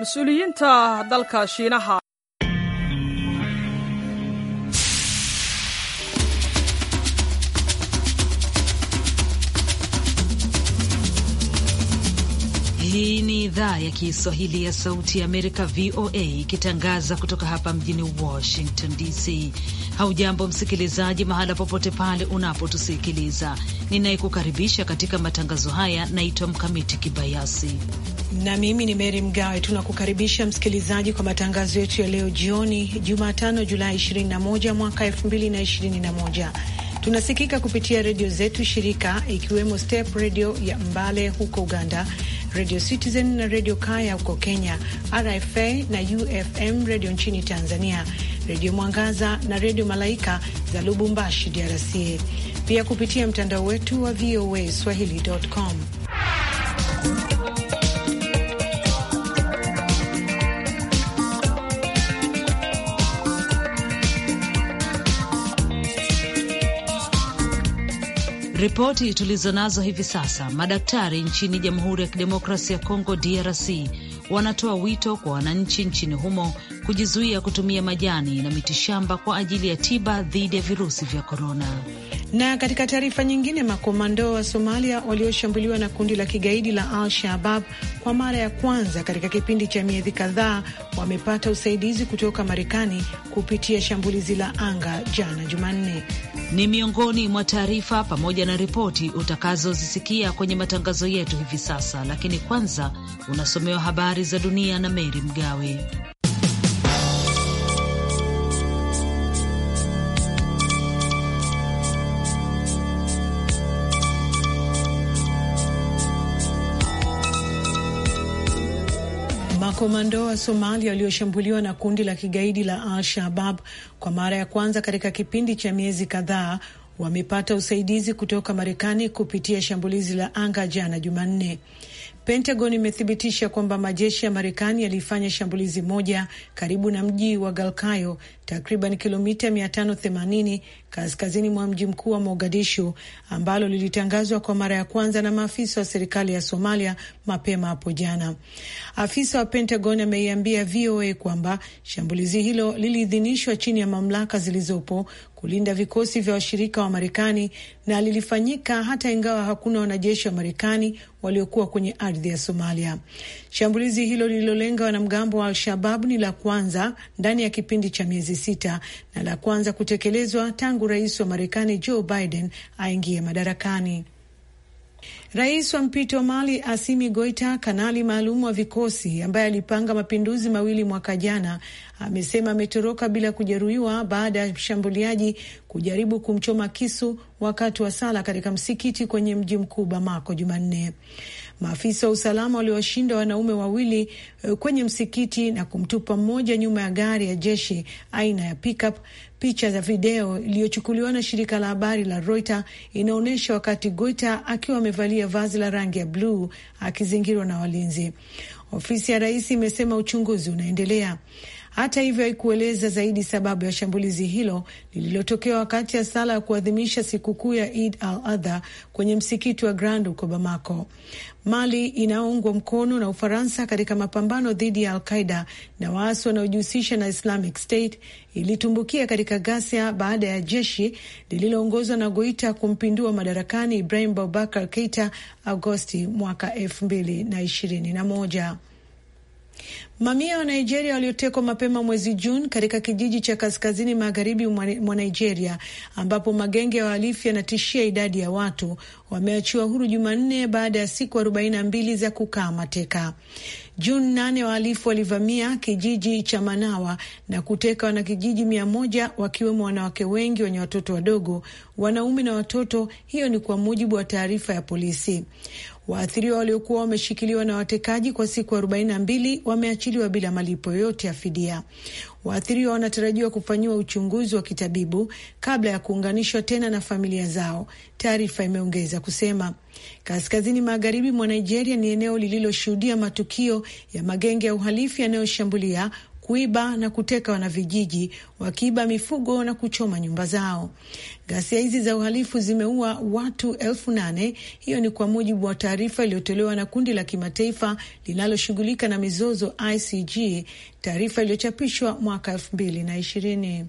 mas-uuliyiinta dalka shiinaha idhaa ya Kiswahili ya Sauti ya Amerika, VOA, ikitangaza kutoka hapa mjini Washington DC. Haujambo msikilizaji, mahala popote pale unapotusikiliza. Ninayekukaribisha katika matangazo haya naitwa Mkamiti Kibayasi na mimi ni Meri Mgawe. Tunakukaribisha msikilizaji kwa matangazo yetu ya leo jioni, Jumatano Julai 21 mwaka 2021. Tunasikika kupitia redio zetu shirika ikiwemo Step Redio ya Mbale huko Uganda, Radio Citizen na Redio Kaya huko Kenya, RFA na UFM redio nchini Tanzania, Redio Mwangaza na Redio Malaika za Lubumbashi, DRC, pia kupitia mtandao wetu wa VOA swahili.com. Ripoti tulizo nazo hivi sasa, madaktari nchini Jamhuri ya Kidemokrasia ya Kongo DRC wanatoa wito kwa wananchi nchini humo kujizuia kutumia majani na mitishamba kwa ajili ya tiba dhidi ya virusi vya korona. Na katika taarifa nyingine, makomando wa Somalia walioshambuliwa na kundi la kigaidi la Al-Shabab kwa mara ya kwanza katika kipindi cha miezi kadhaa wamepata usaidizi kutoka Marekani kupitia shambulizi la anga jana Jumanne ni miongoni mwa taarifa pamoja na ripoti utakazozisikia kwenye matangazo yetu hivi sasa, lakini kwanza unasomewa habari za dunia na Meri Mgawe. Makomando wa Somalia walioshambuliwa na kundi la kigaidi la Al-Shabab kwa mara ya kwanza katika kipindi cha miezi kadhaa wamepata usaidizi kutoka Marekani kupitia shambulizi la anga jana Jumanne. Pentagon imethibitisha kwamba majeshi ya Marekani yalifanya shambulizi moja karibu na mji wa Galkayo, takriban kilomita 580 kaskazini mwa mji mkuu wa Mogadishu, ambalo lilitangazwa kwa mara ya kwanza na maafisa wa serikali ya Somalia mapema hapo jana. Afisa wa Pentagon ameiambia VOA kwamba shambulizi hilo liliidhinishwa chini ya mamlaka zilizopo kulinda vikosi vya washirika wa Marekani na lilifanyika hata ingawa hakuna wanajeshi wa Marekani waliokuwa kwenye ardhi ya Somalia. Shambulizi hilo lililolenga wanamgambo wa al shababu ni la kwanza ndani ya kipindi cha miezi sita na la kwanza kutekelezwa tangu rais wa Marekani Joe Biden aingie madarakani. Rais wa mpito wa Mali Asimi Goita, kanali maalum wa vikosi ambaye alipanga mapinduzi mawili mwaka jana, amesema ametoroka bila kujeruhiwa baada ya mshambuliaji kujaribu kumchoma kisu wakati wa sala katika msikiti kwenye mji mkuu Bamako Jumanne. Maafisa wa usalama waliwashinda wanaume wawili eh, kwenye msikiti na kumtupa mmoja nyuma ya gari ya jeshi aina ya pickup. Picha za video iliyochukuliwa na shirika la habari la Reuters inaonyesha wakati Goita akiwa amevalia vazi la rangi ya bluu akizingirwa na walinzi. Ofisi ya rais imesema uchunguzi unaendelea. Hata hivyo, haikueleza zaidi sababu ya shambulizi hilo lililotokea wakati ya sala ya kuadhimisha sikukuu ya Eid al-Adha kwenye msikiti wa Grand huko Bamako. Mali inaungwa mkono na Ufaransa katika mapambano dhidi ya Alqaida na waasi wanaojihusisha na Islamic State ilitumbukia katika ghasia baada ya jeshi lililoongozwa na Goita kumpindua madarakani Ibrahim Babakar Keita Agosti mwaka elfu mbili na ishirini na moja. Mamia wa Nigeria waliotekwa mapema mwezi Juni katika kijiji cha kaskazini magharibi mwa Nigeria ambapo magenge ya wahalifu yanatishia idadi ya watu wameachiwa huru Jumanne baada ya siku arobaini na mbili za kukaa mateka. Juni nane wahalifu walivamia kijiji cha Manawa na kuteka wanakijiji mia moja wakiwemo wanawake wengi wenye watoto wadogo, wanaume na watoto. Hiyo ni kwa mujibu wa taarifa ya polisi. Waathiriwa waliokuwa wameshikiliwa na watekaji kwa siku arobaini na mbili wameachiliwa bila malipo yoyote ya fidia. Waathiriwa wanatarajiwa kufanyiwa uchunguzi wa kitabibu kabla ya kuunganishwa tena na familia zao, taarifa imeongeza kusema. Kaskazini magharibi mwa Nigeria ni eneo lililoshuhudia matukio ya magenge ya uhalifu yanayoshambulia kuiba na kuteka wanavijiji, wakiiba mifugo na kuchoma nyumba zao. Ghasia hizi za uhalifu zimeua watu elfu nane. Hiyo ni kwa mujibu wa taarifa iliyotolewa na kundi la kimataifa linaloshughulika na mizozo ICG, taarifa iliyochapishwa mwaka elfu mbili na ishirini.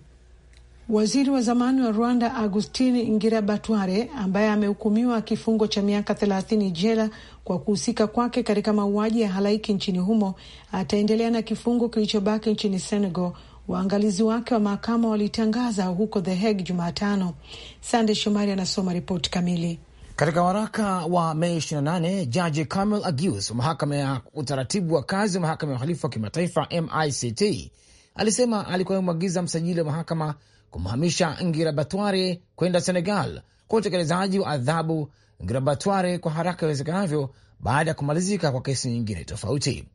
Waziri wa zamani wa Rwanda Augustine Ngirabatware ambaye amehukumiwa kifungo cha miaka thelathini jela kwa kuhusika kwake katika mauaji ya halaiki nchini humo ataendelea na kifungo kilichobaki nchini Senegal, waangalizi wake wa mahakama walitangaza huko The Hague Jumatano. Sande Shomari anasoma ripoti kamili. Katika waraka wa Mei 28 jaji camel Agius wa mahakama ya utaratibu wa kazi wa mahakama ya uhalifu wa kimataifa MICT alisema alikuwa amemwagiza msajili wa mahakama kumhamisha ngirabatware kwenda Senegal kwa utekelezaji wa adhabu ngirabatware kwa haraka iwezekanavyo baada ya kumalizika kwa kesi nyingine tofauti.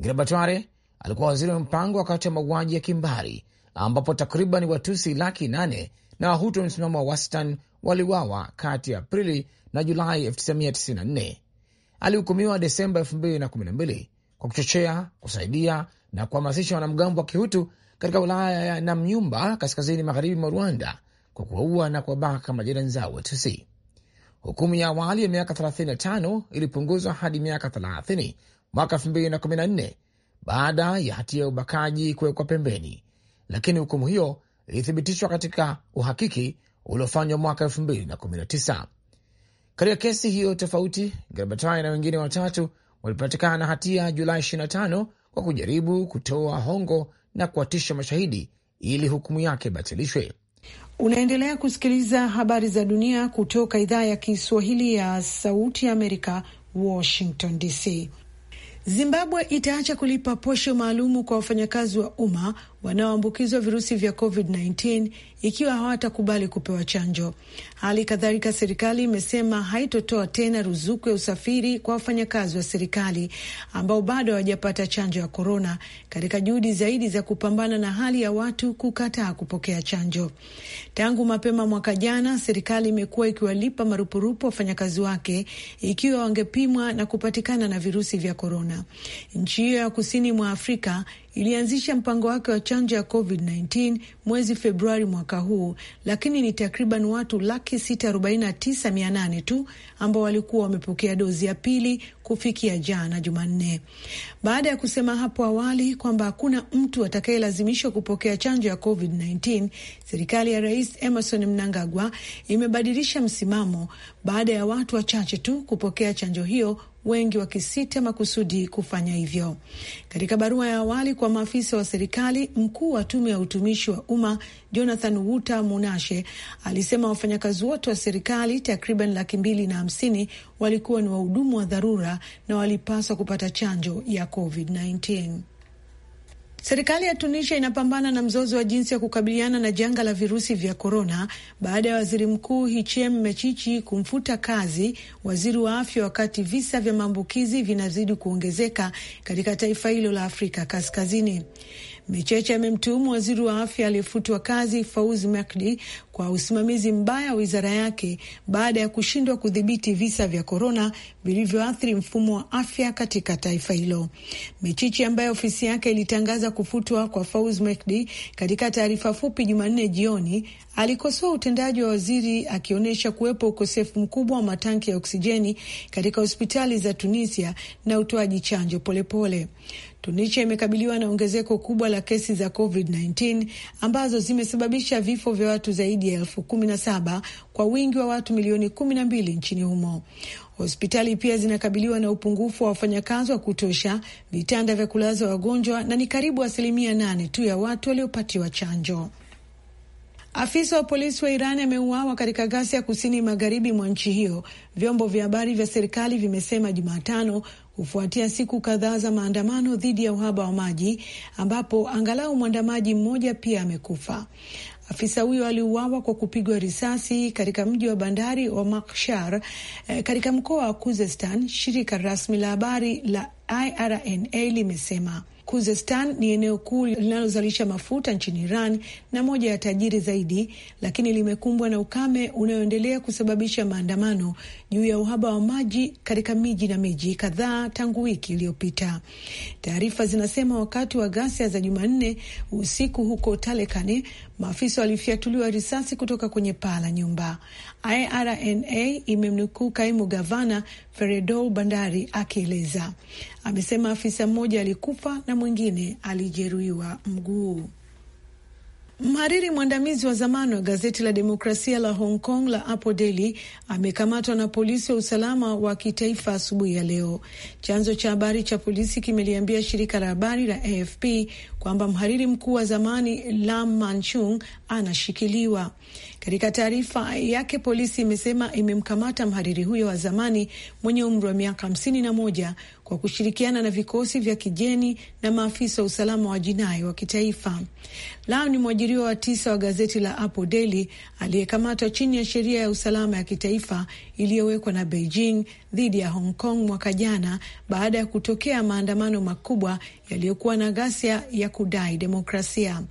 Ngirabatware alikuwa waziri wa mpango wakati wa mauaji ya kimbari ambapo takriban Watusi laki nane na Wahutu wa msimamo wa wastani waliwawa kati ya Aprili na Julai 1994. Alihukumiwa Desemba 2012 kwa kuchochea, kusaidia na kuhamasisha wanamgambo wa Kihutu katika wilaya ya Namnyumba kaskazini magharibi mwa Rwanda kwa kuwaua na kuwabaka majirani zao Watusi. Hukumu ya awali ya miaka 35 ilipunguzwa hadi miaka 30 mwaka 2014 baada ya hatia ya ubakaji kuwekwa pembeni, lakini hukumu hiyo ilithibitishwa katika uhakiki uliofanywa mwaka 2019. Katika kesi hiyo tofauti, Garbataya na wengine watatu walipatikana na hatia Julai 25 kwa kujaribu kutoa hongo na kuwatisha mashahidi ili hukumu yake ibatilishwe. Unaendelea kusikiliza habari za dunia kutoka idhaa ya Kiswahili ya Sauti ya Amerika, Washington DC. Zimbabwe itaacha kulipa posho maalumu kwa wafanyakazi wa umma wanaoambukizwa virusi vya COVID-19 ikiwa hawatakubali kupewa chanjo. Hali kadhalika, serikali imesema haitotoa tena ruzuku ya usafiri kwa wafanyakazi wa serikali ambao bado hawajapata chanjo ya korona, katika juhudi zaidi za kupambana na hali ya watu kukataa kupokea chanjo. Tangu mapema mwaka jana, serikali imekuwa ikiwalipa marupurupu wafanyakazi wake ikiwa wangepimwa na kupatikana na virusi vya korona. Nchi hiyo ya kusini mwa Afrika ilianzisha mpango wake wa chanjo ya COVID-19 mwezi Februari mwaka huu, lakini ni takriban watu laki sita tu ambao walikuwa wamepokea dozi ya pili kufikia jana Jumanne, baada ya kusema hapo awali kwamba hakuna mtu atakayelazimishwa kupokea chanjo ya COVID-19. Serikali ya Rais Emerson Mnangagwa imebadilisha msimamo baada ya watu wachache tu kupokea chanjo hiyo wengi wakisita makusudi kufanya hivyo. Katika barua ya awali kwa maafisa wa serikali, mkuu wa tume ya utumishi wa umma Jonathan Wuta Munashe alisema wafanyakazi wote wa serikali takriban laki mbili na hamsini walikuwa ni wahudumu wa dharura na walipaswa kupata chanjo ya COVID-19. Serikali ya Tunisia inapambana na mzozo wa jinsi ya kukabiliana na janga la virusi vya korona baada ya waziri mkuu Hichem Mechichi kumfuta kazi waziri wa afya, wakati visa vya maambukizi vinazidi kuongezeka katika taifa hilo la Afrika Kaskazini micheche amemtuhumu waziri wa afya aliyefutwa kazi Fauzi Makdi kwa usimamizi mbaya wa wizara yake baada ya kushindwa kudhibiti visa vya korona vilivyoathiri mfumo wa afya katika taifa hilo. Michichi ambaye ofisi yake ilitangaza kufutwa kwa Fauzi Makdi katika taarifa fupi Jumanne jioni alikosoa utendaji wa waziri akionyesha kuwepo ukosefu mkubwa wa matanki ya oksijeni katika hospitali za Tunisia na utoaji chanjo polepole pole. Tunisia imekabiliwa na ongezeko kubwa la kesi za COVID-19 ambazo zimesababisha vifo vya watu zaidi ya elfu kumi na saba kwa wingi wa watu milioni kumi na mbili nchini humo. Hospitali pia zinakabiliwa na upungufu wa wafanyakazi wa kutosha, vitanda vya kulaza wagonjwa, na ni karibu asilimia nane tu ya watu waliopatiwa chanjo. Afisa wa polisi wa Iran ameuawa katika ghasia ya kusini magharibi mwa nchi hiyo, vyombo vya habari vya serikali vimesema Jumatano, kufuatia siku kadhaa za maandamano dhidi ya uhaba wa maji ambapo angalau mwandamaji mmoja pia amekufa. Afisa huyo aliuawa kwa kupigwa risasi katika mji wa bandari wa Makshar eh, katika mkoa wa Khuzestan. Shirika rasmi la habari la IRNA limesema Kuzestan ni eneo kuu linalozalisha mafuta nchini Iran na moja ya tajiri zaidi, lakini limekumbwa na ukame unaoendelea kusababisha maandamano juu ya uhaba wa maji katika miji na miji kadhaa tangu wiki iliyopita. Taarifa zinasema wakati wa ghasia za Jumanne usiku huko Talekani, maafisa walifyatuliwa risasi kutoka kwenye paa la nyumba. IRNA imemnukuu kaimu gavana Feredol Bandari akieleza amesema afisa mmoja alikufa na mwingine alijeruhiwa mguu. Mhariri mwandamizi wa zamani wa gazeti la demokrasia la Hong Kong la Apple Daily amekamatwa na polisi wa usalama wa kitaifa asubuhi ya leo. Chanzo cha habari cha polisi kimeliambia shirika la habari la AFP kwamba mhariri mkuu wa zamani Lam Manchung anashikiliwa. Katika taarifa yake, polisi imesema imemkamata mhariri huyo wa zamani mwenye umri wa miaka hamsini na moja kwa kushirikiana na vikosi vya kigeni na maafisa wa usalama wa jinai wa kitaifa. Lau ni mwajiriwa wa tisa wa gazeti la Apple Daily aliyekamatwa chini ya sheria ya usalama ya kitaifa iliyowekwa na Beijing dhidi ya Hong Kong mwaka jana baada ya kutokea maandamano makubwa yaliyokuwa na ghasia ya kudai demokrasia.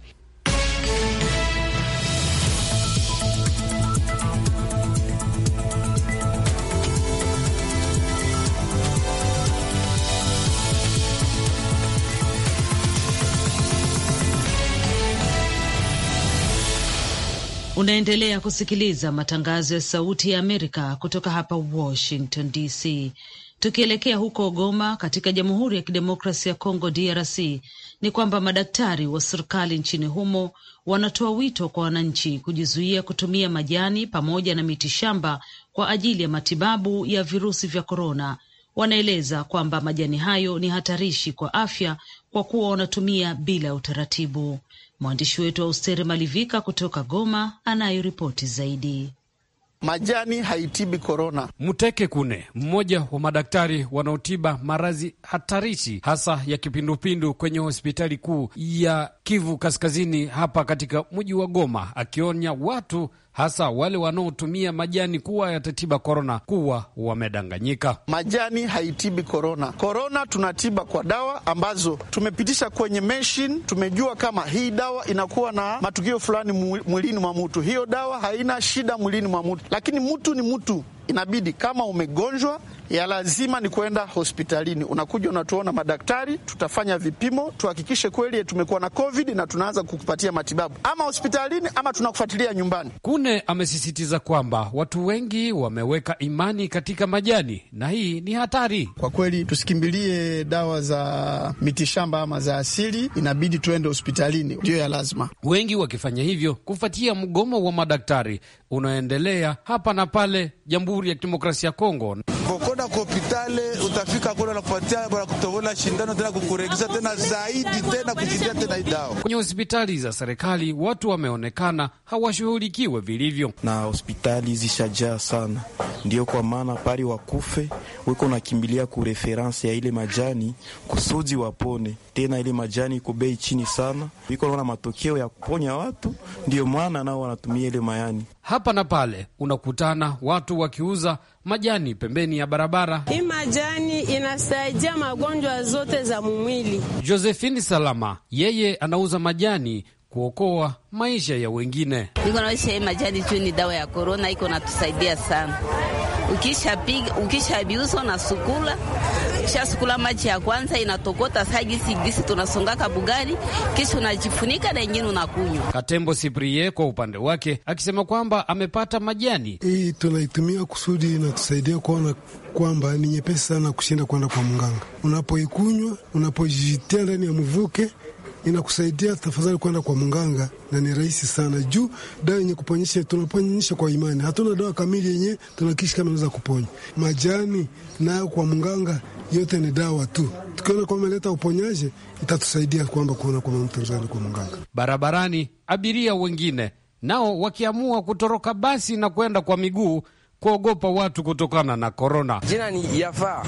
Unaendelea kusikiliza matangazo ya Sauti ya Amerika kutoka hapa Washington DC. Tukielekea huko Goma katika Jamhuri ya Kidemokrasia ya Kongo DRC, ni kwamba madaktari wa serikali nchini humo wanatoa wito kwa wananchi kujizuia kutumia majani pamoja na mitishamba kwa ajili ya matibabu ya virusi vya korona. Wanaeleza kwamba majani hayo ni hatarishi kwa afya kwa kuwa wanatumia bila utaratibu. Mwandishi wetu wa Ustere Malivika kutoka Goma anayo ripoti zaidi. Majani haitibi korona. Muteke Kune, mmoja wa madaktari wanaotiba maradhi hatarishi hasa ya kipindupindu kwenye hospitali kuu ya Kivu Kaskazini hapa katika mji wa Goma, akionya watu hasa wale wanaotumia majani kuwa yatatiba korona kuwa wamedanganyika. Majani haitibi korona. Korona tunatiba kwa dawa ambazo tumepitisha kwenye machine. Tumejua kama hii dawa inakuwa na matukio fulani mwilini mwa mutu, hiyo dawa haina shida mwilini mwa mutu, lakini mutu ni mutu. Inabidi kama umegonjwa ya lazima ni kwenda hospitalini. Unakuja unatuona madaktari, tutafanya vipimo, tuhakikishe kweli tumekuwa na COVID na tunaanza kukupatia matibabu ama hospitalini ama tunakufuatilia nyumbani. Kune amesisitiza kwamba watu wengi wameweka imani katika majani na hii ni hatari kwa kweli. Tusikimbilie dawa za mitishamba ama za asili, inabidi tuende hospitalini, ndiyo ya lazima, wengi wakifanya hivyo kufuatia mgomo wa madaktari unaoendelea hapa na pale Jamhuri ya Kidemokrasia ya Kongo unaenda kwa hospitali utafika kule wanakupatia bora kutovona shindano tena kukuregesha tena zaidi tena kufidia tena idao. Kwenye hospitali za serikali watu wameonekana hawashughulikiwe vilivyo, na hospitali zishajaa sana, ndio kwa maana pari wakufe wiko nakimbilia ku reference ya ile majani kusudi wapone tena. Ile majani iko bei chini sana, wiko naona matokeo ya kuponya watu, ndio maana nao wanatumia ile mayani hapa na pale unakutana watu wakiuza majani pembeni ya barabara. Hii majani inasaidia magonjwa zote za mwili. Josephine Salama yeye anauza majani kuokoa maisha ya wengine. Niko naisha hii majani juu ni dawa ya korona, iko natusaidia sana. Ukishapiga ukishabiuza na sukula kisha ukishasukula maji ya kwanza inatokota sagisi gisi tunasongaka bugali, kisha unajifunika na ingine unakunywa. Katembo Siprie kwa upande wake akisema kwamba amepata majani hii, tunaitumia kusudi inatusaidia kuona kwamba ni nyepesi sana kushinda kwenda kwa mganga. Unapoikunywa, unapojitia ndani ya mvuke inakusaidia tafadhali kwenda kwa mganga, na ni rahisi sana juu dawa yenye kuponyesha, tunaponyesha kwa imani. Hatuna dawa kamili yenye tunakisha kama naweza kuponya majani nayo kwa mganga yote ni dawa tu. Tukiona kwamba leta uponyaji, itatusaidia kwamba kuona kwamba mtu mzani kwa mganga. Barabarani abiria wengine nao wakiamua kutoroka basi na kwenda kwa miguu kuogopa watu kutokana na korona. Jina ni Yafaa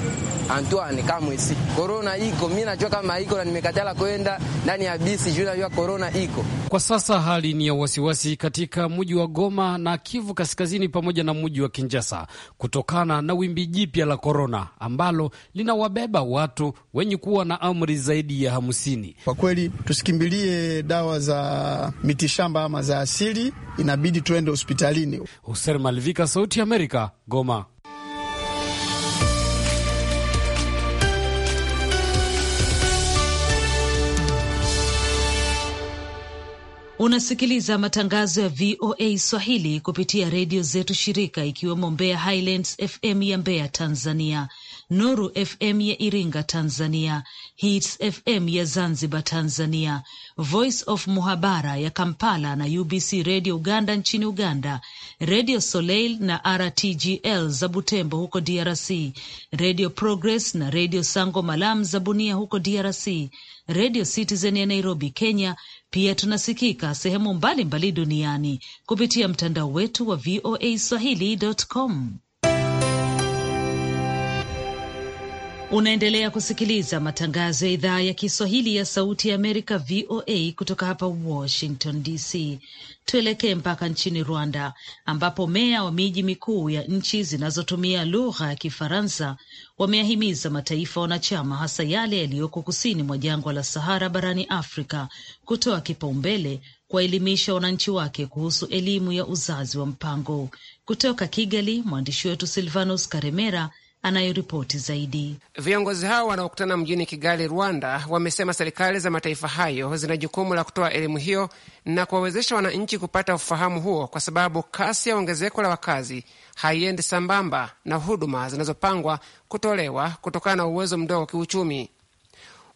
Antoine Kamwisi. Korona iko, mimi najua kama iko na nimekatala kwenda ndani ya bisi juu najua korona iko. Kwa sasa hali ni ya wasiwasi katika mji wa Goma na Kivu Kaskazini pamoja na mji wa kinjasa kutokana na wimbi jipya la korona ambalo linawabeba watu wenye kuwa na amri zaidi ya hamsini. Kwa kweli tusikimbilie dawa za mitishamba ama za asili, inabidi tuende hospitalini. Husen Malivika, Sauti ya Amerika, Goma. Unasikiliza matangazo ya VOA Swahili kupitia redio zetu shirika, ikiwemo Mbeya Highlands FM ya Mbeya, Tanzania, Nuru FM ya Iringa Tanzania, Hits FM ya Zanzibar Tanzania, Voice of Muhabara ya Kampala na UBC Radio Uganda nchini Uganda, Radio Soleil na RTGL za Butembo huko DRC, Radio Progress na Radio Sango Malam za Bunia huko DRC, Radio Citizen ya Nairobi, Kenya. Pia tunasikika sehemu mbalimbali mbali duniani kupitia mtandao wetu wa voa swahili.com. Unaendelea kusikiliza matangazo ya idhaa ya Kiswahili ya Sauti ya Amerika, VOA, kutoka hapa Washington DC. Tuelekee mpaka nchini Rwanda, ambapo meya wa miji mikuu ya nchi zinazotumia lugha ya Kifaransa wameahimiza mataifa wanachama, hasa yale yaliyoko kusini mwa jangwa la Sahara barani Afrika, kutoa kipaumbele kuwaelimisha wananchi wake kuhusu elimu ya uzazi wa mpango. Kutoka Kigali, mwandishi wetu Silvanus Karemera anayoripoti zaidi. Viongozi hao wanaokutana mjini Kigali, Rwanda, wamesema serikali za mataifa hayo zina jukumu la kutoa elimu hiyo na kuwawezesha wananchi kupata ufahamu huo, kwa sababu kasi ya ongezeko la wakazi haiendi sambamba na huduma zinazopangwa kutolewa kutokana na uwezo mdogo wa kiuchumi.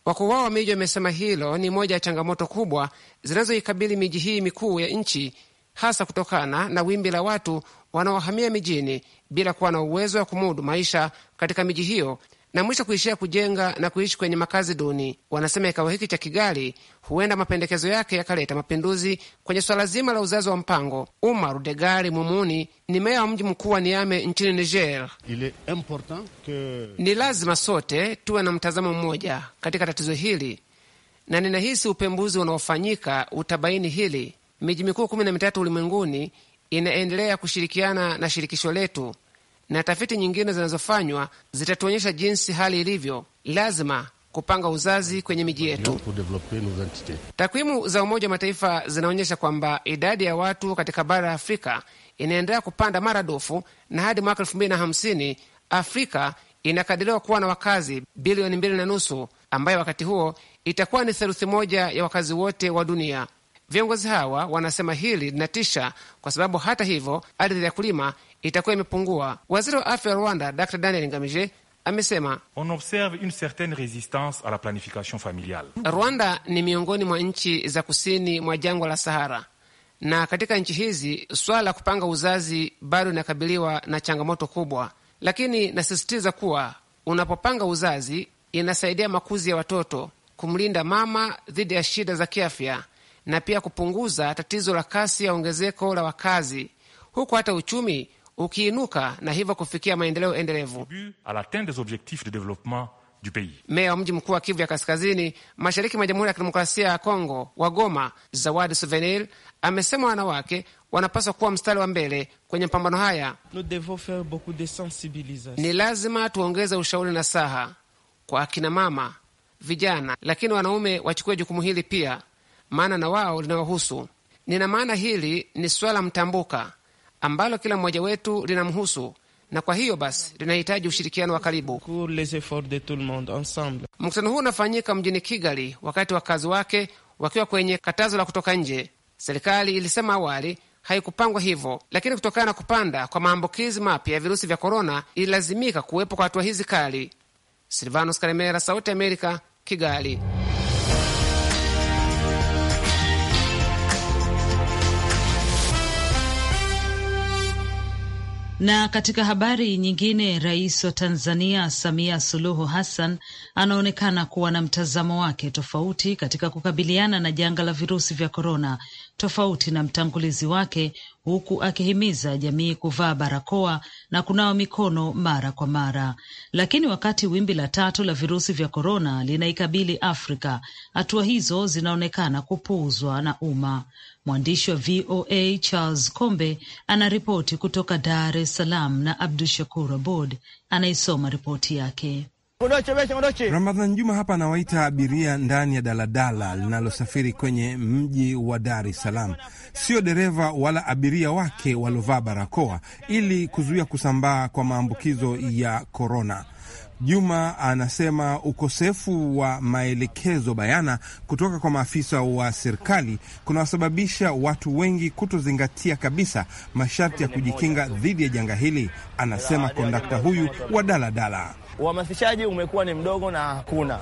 Wakuu wao wa miji wamesema hilo ni moja ya changamoto kubwa zinazoikabili miji hii mikuu ya nchi, hasa kutokana na wimbi la watu wanaohamia mijini bila kuwa na uwezo wa kumudu maisha katika miji hiyo na mwisho kuishia kujenga na kuishi kwenye makazi duni. Wanasema kikao hiki cha Kigali huenda mapendekezo yake yakaleta mapinduzi kwenye swala zima la uzazi wa mpango. Umar Degari Mumuni ni meya wa mji mkuu wa Niame nchini Niger. que... ni lazima sote tuwe na mtazamo mmoja katika tatizo hili, na ninahisi upembuzi unaofanyika utabaini hili. Miji mikuu kumi na mitatu ulimwenguni inaendelea kushirikiana na shirikisho letu, na tafiti nyingine zinazofanywa zitatuonyesha jinsi hali ilivyo. Lazima kupanga uzazi kwenye miji yetu. Takwimu za Umoja wa Mataifa zinaonyesha kwamba idadi ya watu katika bara la Afrika inaendelea kupanda maradufu na hadi mwaka elfu mbili na hamsini Afrika inakadiriwa kuwa na wakazi bilioni mbili na nusu ambayo wakati huo itakuwa ni theluthi moja ya wakazi wote wa dunia. Viongozi hawa wanasema hili linatisha, kwa sababu hata hivyo ardhi ya kulima itakuwa imepungua. Waziri wa afya wa Rwanda Dr Daniel Ngamije amesema On observe une certaine resistance a la planification familiale. Rwanda ni miongoni mwa nchi za kusini mwa jangwa la Sahara, na katika nchi hizi swala la kupanga uzazi bado linakabiliwa na changamoto kubwa, lakini nasisitiza kuwa unapopanga uzazi inasaidia makuzi ya watoto, kumlinda mama dhidi ya shida za kiafya na pia kupunguza tatizo la kasi ya ongezeko la wakazi, huku hata uchumi ukiinuka na hivyo kufikia maendeleo endelevu. Meya wa mji mkuu wa Kivu ya Kaskazini, mashariki mwa Jamhuri ya Kidemokrasia ya Kongo wa Goma, Zawadi Souvenir, amesema wanawake wanapaswa kuwa mstari wa mbele kwenye mapambano haya. Ni lazima tuongeze ushauri na saha kwa akinamama, vijana, lakini wanaume wachukue jukumu hili pia maana na wao linawahusu. Nina maana hili ni swala mtambuka ambalo kila mmoja wetu linamhusu, na kwa hiyo basi linahitaji ushirikiano wa karibu. Mkutano huu unafanyika mjini Kigali, wakati wakazi wake wakiwa kwenye katazo la kutoka nje. Serikali ilisema awali haikupangwa hivyo, lakini kutokana na kupanda kwa maambukizi mapya ya virusi vya korona ililazimika kuwepo kwa hatua hizi kali. Silvanos Karemera, Sauti Amerika, Kigali. Na katika habari nyingine, rais wa Tanzania Samia Suluhu Hassan anaonekana kuwa na mtazamo wake tofauti katika kukabiliana na janga la virusi vya korona, tofauti na mtangulizi wake, huku akihimiza jamii kuvaa barakoa na kunawa mikono mara kwa mara. Lakini wakati wimbi la tatu la virusi vya korona linaikabili Afrika, hatua hizo zinaonekana kupuuzwa na umma. Mwandishi wa VOA Charles Kombe anaripoti kutoka Dar es Salaam na Abdu Shakur Abod anaisoma ripoti yake. Ramadhan Juma hapa anawaita abiria ndani ya daladala linalosafiri kwenye mji wa Dar es Salaam, sio dereva wala abiria wake waliovaa barakoa ili kuzuia kusambaa kwa maambukizo ya korona. Juma anasema ukosefu wa maelekezo bayana kutoka kwa maafisa wa serikali kunawasababisha watu wengi kutozingatia kabisa masharti ya kujikinga dhidi ya janga hili. Anasema kondakta huyu wa daladala, uhamasishaji umekuwa ni mdogo na hakuna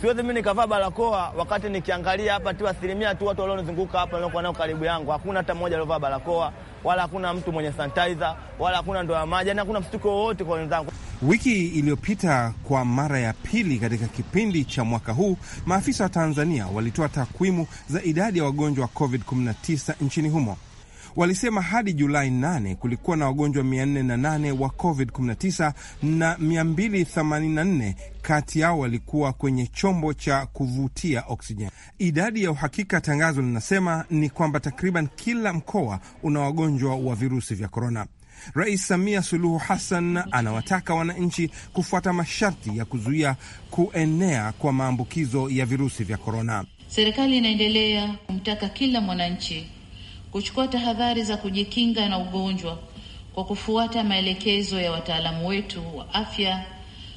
Siwezi mii nikavaa barakoa wakati nikiangalia hapa tu asilimia tu watu walionizunguka hapa niliokuwa nao karibu yangu, hakuna hata mmoja aliovaa barakoa wala hakuna mtu mwenye sanitizer, wala hakuna ndoo ya maji, na hakuna mshtuko wowote kwa wenzangu. Wiki iliyopita kwa mara ya pili katika kipindi cha mwaka huu, maafisa wa Tanzania walitoa takwimu za idadi ya wagonjwa wa COVID-19 nchini humo Walisema hadi Julai 8 kulikuwa na wagonjwa 408 wa COVID-19 na 284 kati yao walikuwa kwenye chombo cha kuvutia oksijeni. Idadi ya uhakika, tangazo linasema ni kwamba takriban kila mkoa una wagonjwa wa virusi vya korona. Rais Samia Suluhu Hassan anawataka wananchi kufuata masharti ya kuzuia kuenea kwa maambukizo ya virusi vya korona. Serikali inaendelea kumtaka kila mwananchi kuchukua tahadhari za kujikinga na ugonjwa kwa kufuata maelekezo ya wataalamu wetu wa afya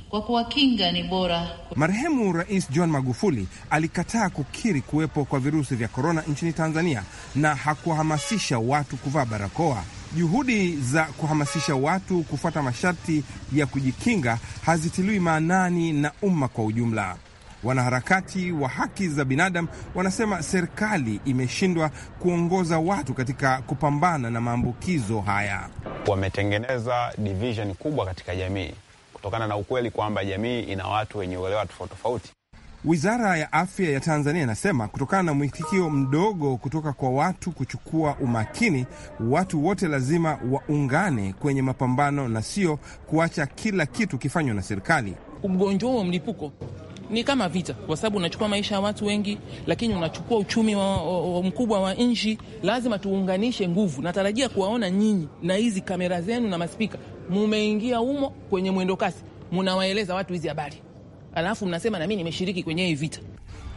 kwa kuwakinga ni bora. Marehemu Rais John Magufuli alikataa kukiri kuwepo kwa virusi vya korona nchini Tanzania na hakuhamasisha watu kuvaa barakoa. Juhudi za kuhamasisha watu kufuata masharti ya kujikinga hazitiliwi maanani na umma kwa ujumla. Wanaharakati wa haki za binadamu wanasema serikali imeshindwa kuongoza watu katika kupambana na maambukizo haya. Wametengeneza division kubwa katika jamii kutokana na ukweli kwamba jamii ina watu wenye uelewa tofauti tofauti. Wizara ya afya ya Tanzania inasema kutokana na mwitikio mdogo kutoka kwa watu kuchukua umakini, watu wote lazima waungane kwenye mapambano na sio kuacha kila kitu kifanywa na serikali. Ugonjwa huo mlipuko ni kama vita, kwa sababu unachukua maisha ya watu wengi, lakini unachukua uchumi wa, wa, wa mkubwa wa nchi. Lazima tuunganishe nguvu. Natarajia kuwaona nyinyi na hizi kamera zenu na maspika, mumeingia humo kwenye mwendokasi, munawaeleza watu hizi habari, alafu mnasema nami nimeshiriki kwenye hii vita.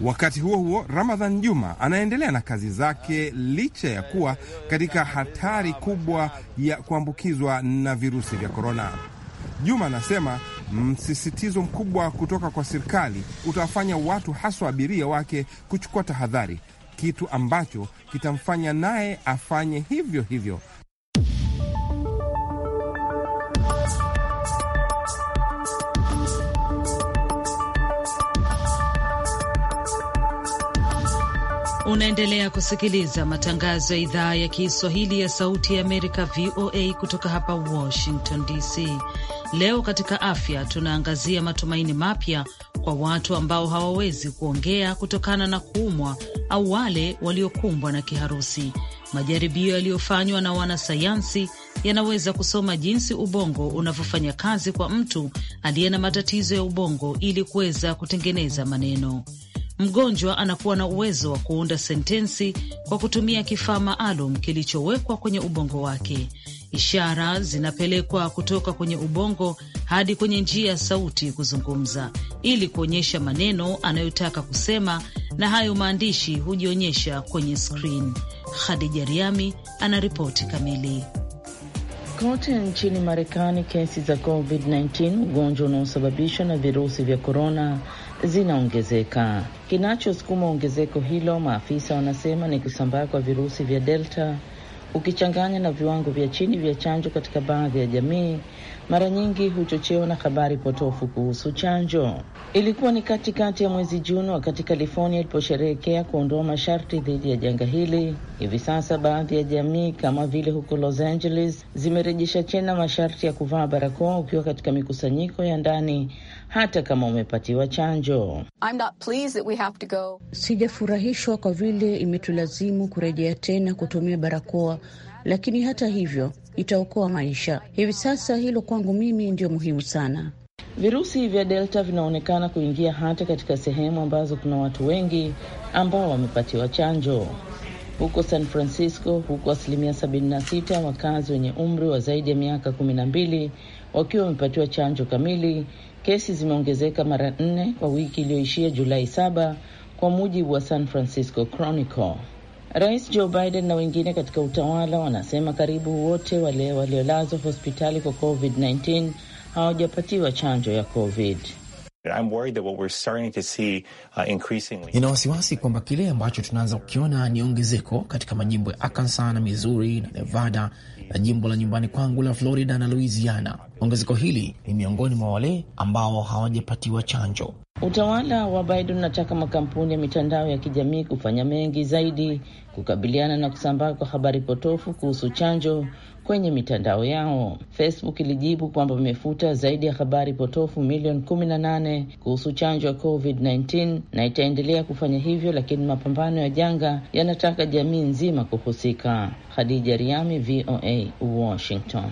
Wakati huo huo, Ramadhan Juma anaendelea na kazi zake licha ya kuwa katika hatari kubwa ya kuambukizwa na virusi vya korona. Juma anasema msisitizo mkubwa kutoka kwa serikali utawafanya watu haswa abiria wake kuchukua tahadhari, kitu ambacho kitamfanya naye afanye hivyo hivyo Unaendelea kusikiliza matangazo ya idhaa ya Kiswahili ya Sauti ya Amerika, VOA, kutoka hapa Washington DC. Leo katika afya tunaangazia matumaini mapya kwa watu ambao hawawezi kuongea kutokana na kuumwa au wale waliokumbwa na kiharusi. Majaribio yaliyofanywa na wanasayansi yanaweza kusoma jinsi ubongo unavyofanya kazi kwa mtu aliye na matatizo ya ubongo ili kuweza kutengeneza maneno mgonjwa anakuwa na uwezo wa kuunda sentensi kwa kutumia kifaa maalum kilichowekwa kwenye ubongo wake. Ishara zinapelekwa kutoka kwenye ubongo hadi kwenye njia ya sauti kuzungumza, ili kuonyesha maneno anayotaka kusema, na hayo maandishi hujionyesha kwenye skrini. Khadija Riami anaripoti kamili. Kote nchini Marekani, kesi za COVID-19, ugonjwa unaosababishwa na virusi vya korona, zinaongezeka. Kinachosukuma ongezeko hilo, maafisa wanasema, ni kusambaa kwa virusi vya Delta ukichanganya na viwango vya chini vya chanjo katika baadhi ya jamii mara nyingi huchochewa na habari potofu kuhusu chanjo. Ilikuwa ni katikati ya mwezi Juni wakati California iliposherehekea kuondoa masharti dhidi ya janga hili. Hivi sasa baadhi ya jamii kama vile huko Los Angeles zimerejesha tena masharti ya kuvaa barakoa ukiwa katika mikusanyiko ya ndani hata kama umepatiwa chanjo. Sijafurahishwa kwa vile imetulazimu kurejea tena kutumia barakoa, lakini hata hivyo itaokoa maisha. Hivi sasa hilo kwangu mimi ndio muhimu sana. Virusi vya Delta vinaonekana kuingia hata katika sehemu ambazo kuna watu wengi ambao wamepatiwa chanjo. Huko San Francisco, huku asilimia 76 ya wakazi wenye umri wa zaidi ya miaka 12 wakiwa wamepatiwa chanjo kamili, kesi zimeongezeka mara nne kwa wiki iliyoishia Julai 7 kwa mujibu wa San Francisco Chronicle. Rais Joe Biden na wengine katika utawala wanasema karibu wote wale waliolazwa hospitali kwa COVID-19 hawajapatiwa chanjo ya COVID. Uh, Nina wasiwasi kwamba kile ambacho tunaanza kukiona ni ongezeko katika majimbo ya Arkansas na Missouri na Nevada na jimbo la nyumbani kwangu la Florida na Louisiana. Ongezeko hili ni miongoni mwa wale ambao hawajapatiwa chanjo. Utawala wa Biden unataka makampuni ya mitandao ya kijamii kufanya mengi zaidi kukabiliana na kusambaa kwa habari potofu kuhusu chanjo kwenye mitandao yao. Facebook ilijibu kwamba imefuta zaidi ya habari potofu milioni 18 kuhusu chanjo ya COVID-19 na itaendelea kufanya hivyo, lakini mapambano ya janga yanataka jamii nzima kuhusika. Khadija Riami, VOA, Washington.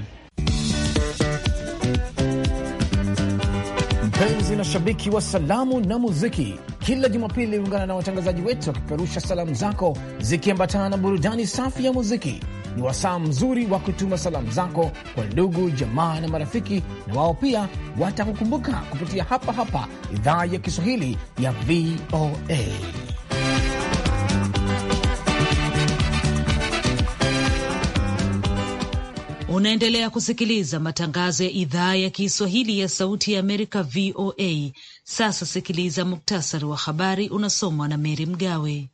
mpenzi na shabiki wa salamu na muziki, kila Jumapili ungana na watangazaji wetu wakipeperusha salamu zako zikiambatana na burudani safi ya muziki. Ni wasaa mzuri wa kutuma salamu zako kwa ndugu, jamaa na marafiki, na wao pia watakukumbuka kupitia hapa hapa idhaa ya Kiswahili ya VOA. Unaendelea kusikiliza matangazo ya idhaa ya Kiswahili ya Sauti ya Amerika, VOA. Sasa sikiliza muktasari wa habari unasomwa na Meri Mgawe.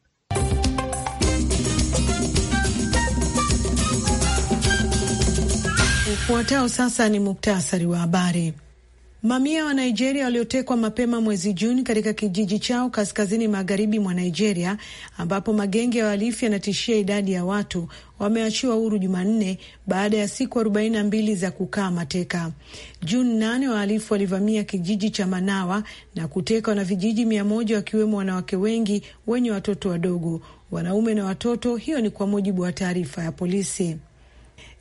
Ufuatao sasa ni muktasari wa habari. Mamia wa Nigeria waliotekwa mapema mwezi Juni katika kijiji chao kaskazini magharibi mwa Nigeria, ambapo magenge ya wahalifu yanatishia idadi ya watu, wameachiwa huru Jumanne baada ya siku arobaini na mbili za kukaa mateka. Juni nane, wahalifu walivamia kijiji cha Manawa na kuteka wanavijiji mia moja wakiwemo wanawake wengi wenye watoto wadogo, wanaume na watoto. Hiyo ni kwa mujibu wa taarifa ya polisi.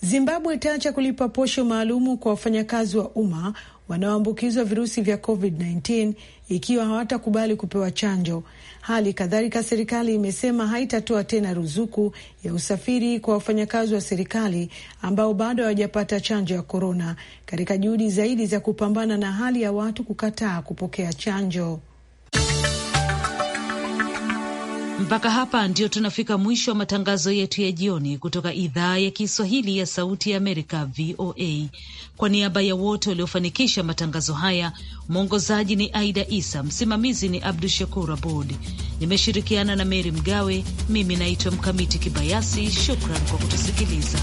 Zimbabwe itaacha kulipa posho maalumu kwa wafanyakazi wa umma wanaoambukizwa virusi vya COVID-19 ikiwa hawatakubali kupewa chanjo. Hali kadhalika, serikali imesema haitatoa tena ruzuku ya usafiri kwa wafanyakazi wa serikali ambao bado hawajapata chanjo ya korona, katika juhudi zaidi za kupambana na hali ya watu kukataa kupokea chanjo. Mpaka hapa ndio tunafika mwisho wa matangazo yetu ya jioni kutoka idhaa ya Kiswahili ya Sauti ya Amerika, VOA. Kwa niaba ya wote waliofanikisha matangazo haya, mwongozaji ni Aida Isa, msimamizi ni Abdu Shakur Abud, nimeshirikiana na Meri Mgawe. Mimi naitwa Mkamiti Kibayasi. Shukran kwa kutusikiliza.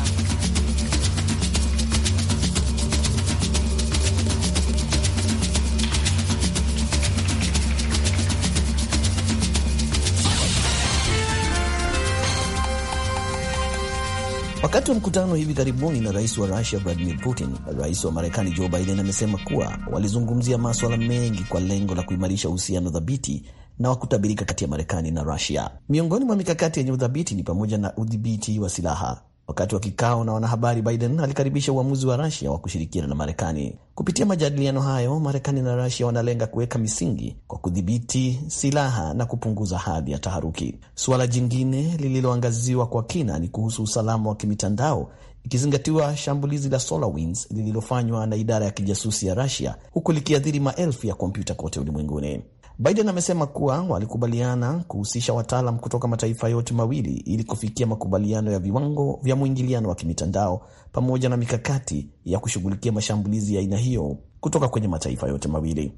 Wakati wa mkutano hivi karibuni na rais wa Rusia Vladimir Putin, rais wa Marekani Joe Biden amesema kuwa walizungumzia maswala mengi kwa lengo la kuimarisha uhusiano dhabiti na wa kutabirika kati ya Marekani na Rusia. Miongoni mwa mikakati yenye udhabiti ni pamoja na udhibiti wa silaha, Wakati wa kikao na wanahabari, Biden alikaribisha uamuzi wa rasia wa kushirikiana na Marekani. Kupitia majadiliano hayo, Marekani na rasia wanalenga kuweka misingi kwa kudhibiti silaha na kupunguza hadhi ya taharuki. Suala jingine lililoangaziwa kwa kina ni kuhusu usalama wa kimitandao, ikizingatiwa shambulizi la SolarWinds lililofanywa na idara ya kijasusi ya rasia huku likiathiri maelfu ya kompyuta kote ulimwenguni. Biden amesema kuwa walikubaliana kuhusisha wataalam kutoka mataifa yote mawili ili kufikia makubaliano ya viwango vya mwingiliano wa kimitandao pamoja na mikakati ya kushughulikia mashambulizi ya aina hiyo kutoka kwenye mataifa yote mawili.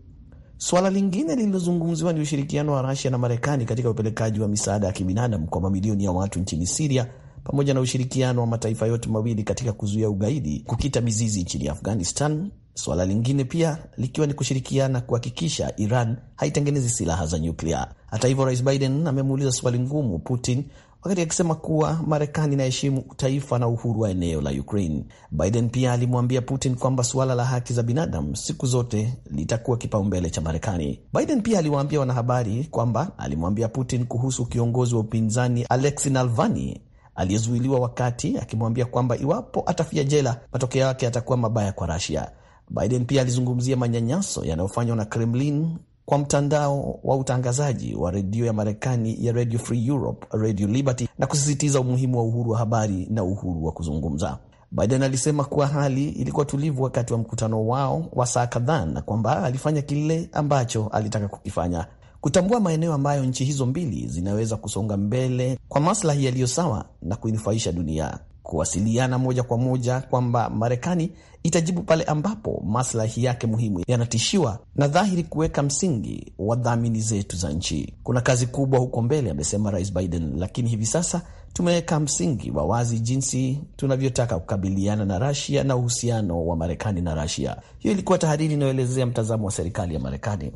Suala lingine lililozungumziwa ni ushirikiano wa Rusia na Marekani katika upelekaji wa misaada ya kibinadamu kwa mamilioni ya watu nchini Siria pamoja na ushirikiano wa mataifa yote mawili katika kuzuia ugaidi kukita mizizi nchini Afghanistan Suala lingine pia likiwa ni kushirikiana kuhakikisha Iran haitengenezi silaha za nyuklia. Hata hivyo, Rais Biden amemuuliza swali ngumu Putin wakati akisema kuwa Marekani inaheshimu taifa na uhuru wa eneo la Ukraine. Biden pia alimwambia Putin kwamba suala la haki za binadamu siku zote litakuwa kipaumbele cha Marekani. Biden pia aliwaambia wanahabari kwamba alimwambia Putin kuhusu kiongozi wa upinzani Alexei Navalny aliyezuiliwa, wakati akimwambia kwamba iwapo atafia jela, matokeo yake yatakuwa mabaya kwa Russia. Biden pia alizungumzia manyanyaso yanayofanywa na Kremlin kwa mtandao wa utangazaji wa redio ya Marekani ya Radio Free Europe, Radio Liberty, na kusisitiza umuhimu wa uhuru wa habari na uhuru wa kuzungumza. Biden alisema kuwa hali ilikuwa tulivu wakati wa mkutano wao wa saa kadhaa na kwamba alifanya kile ambacho alitaka kukifanya, kutambua maeneo ambayo nchi hizo mbili zinaweza kusonga mbele kwa maslahi yaliyo sawa na kuinufaisha dunia kuwasiliana moja kwa moja kwamba Marekani itajibu pale ambapo maslahi yake muhimu yanatishiwa na dhahiri kuweka msingi wa dhamini zetu za nchi. Kuna kazi kubwa huko mbele, amesema Rais Biden, lakini hivi sasa tumeweka msingi wa wazi jinsi tunavyotaka kukabiliana na Rasia na uhusiano wa Marekani na Rasia. Hiyo ilikuwa tahariri inayoelezea mtazamo wa serikali ya Marekani.